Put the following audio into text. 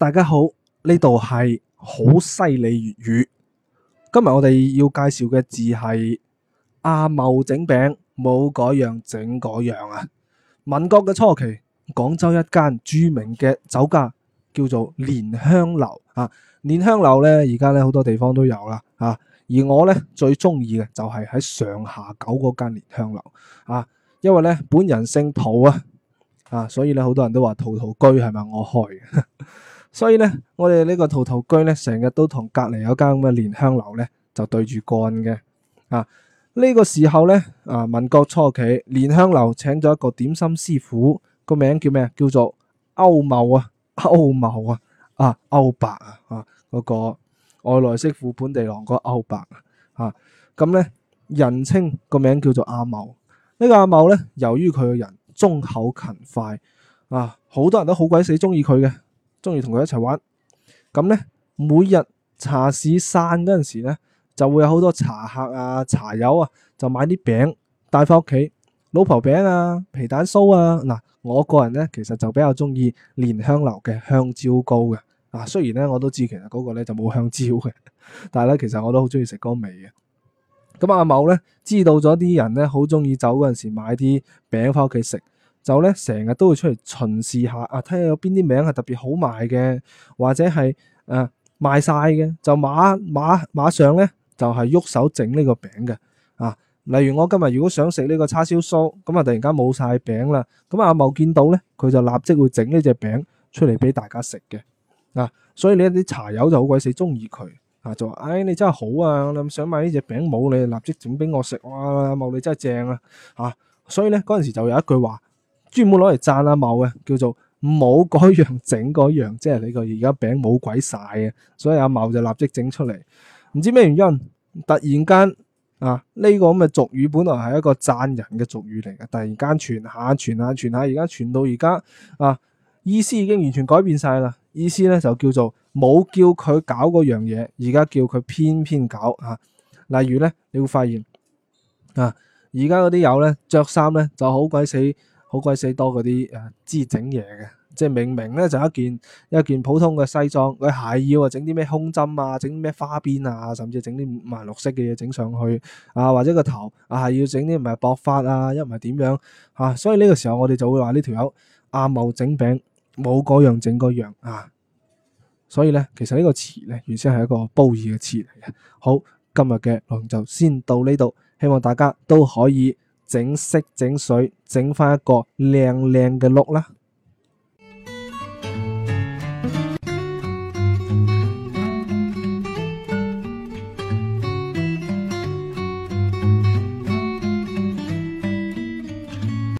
大家好，呢度係猴塞雷粵語。今日我哋要介紹嘅字係阿、啊、茂整餅，冇嗰樣整嗰樣啊。民國嘅初期，廣州一間著名嘅酒家叫做蓮香樓啊。蓮香樓呢，而家呢好多地方都有啦啊。而我呢，最中意嘅就係喺上下九嗰間蓮香樓啊，因為呢，本人姓陶啊啊，所以呢，好多人都話陶陶居係咪我開嘅？ 所以咧，我哋呢個陶陶居咧，成日都同隔籬有間咁嘅蓮香樓咧，就對住幹嘅啊。呢、這個時候咧，啊，民國初期，蓮香樓請咗一個點心師傅，個名叫咩，叫做歐茂啊，歐茂啊，啊，歐伯啊，啊，嗰、那個外來媳婦本地郎嗰個歐伯啊。咁、啊、咧、啊，人稱個名叫做阿茂。呢、這個阿茂咧，由於佢個人忠厚勤快啊，好多人都好鬼死中意佢嘅。中意同佢一齊玩，咁呢，每日茶市散嗰陣時呢，就會有好多茶客啊、茶友啊，就買啲餅帶翻屋企，老婆餅啊、皮蛋酥啊。嗱，我個人呢，其實就比較中意蓮香樓嘅香蕉糕嘅。嗱，雖然呢，我都知其實嗰個呢就冇香蕉嘅，但係呢，其實我都好中意食嗰個味嘅。咁阿茂呢，知道咗啲人呢，好中意走嗰陣時買啲餅翻屋企食。就咧成日都會出嚟巡視下啊，睇下有邊啲名係特別好賣嘅，或者係誒、啊、賣晒嘅，就馬馬馬上咧就係、是、喐手整呢個餅嘅啊。例如我今日如果想食呢個叉燒酥，咁啊突然間冇晒餅啦，咁啊阿茂見到咧，佢就立即會整呢隻餅出嚟俾大家食嘅嗱。所以你啲茶友就好鬼死中意佢啊，就話：，唉、哎，你真係好啊！我諗想買呢隻餅冇，啊，你立即整俾我食。哇，阿茂你真係正啊！嚇、啊，所以咧嗰陣時就有一句話。專門攞嚟讚阿茂嘅，叫做冇嗰樣整嗰樣，即係你個而家餅冇鬼晒嘅，所以阿茂就立即整出嚟。唔知咩原因，突然間啊，呢個咁嘅俗語本來係一個讚人嘅俗語嚟嘅，突然間傳下傳下傳下，而家傳到而家啊，意思已經完全改變晒啦。意思咧就叫做冇叫佢搞嗰樣嘢，而家叫佢偏偏搞啊。例如咧，你會發現啊，而家嗰啲友咧着衫咧就好鬼死～好鬼死多嗰啲誒，知整嘢嘅，即係明明咧就一件一件普通嘅西裝，佢、哎、係要啊整啲咩胸針啊，整啲咩花邊啊，甚至整啲五顏六色嘅嘢整上去啊，或者個頭啊係要整啲唔係薄髮啊，一唔係點樣嚇、啊這個啊？所以呢個時候我哋就會話呢條友阿茂整餅，冇嗰樣整嗰樣啊。所以咧，其實個呢個詞咧，原先係一個褒義嘅詞嚟嘅。好，今日嘅講就先到呢度，希望大家都可以。整色整水，整翻一個靚靚嘅碌啦～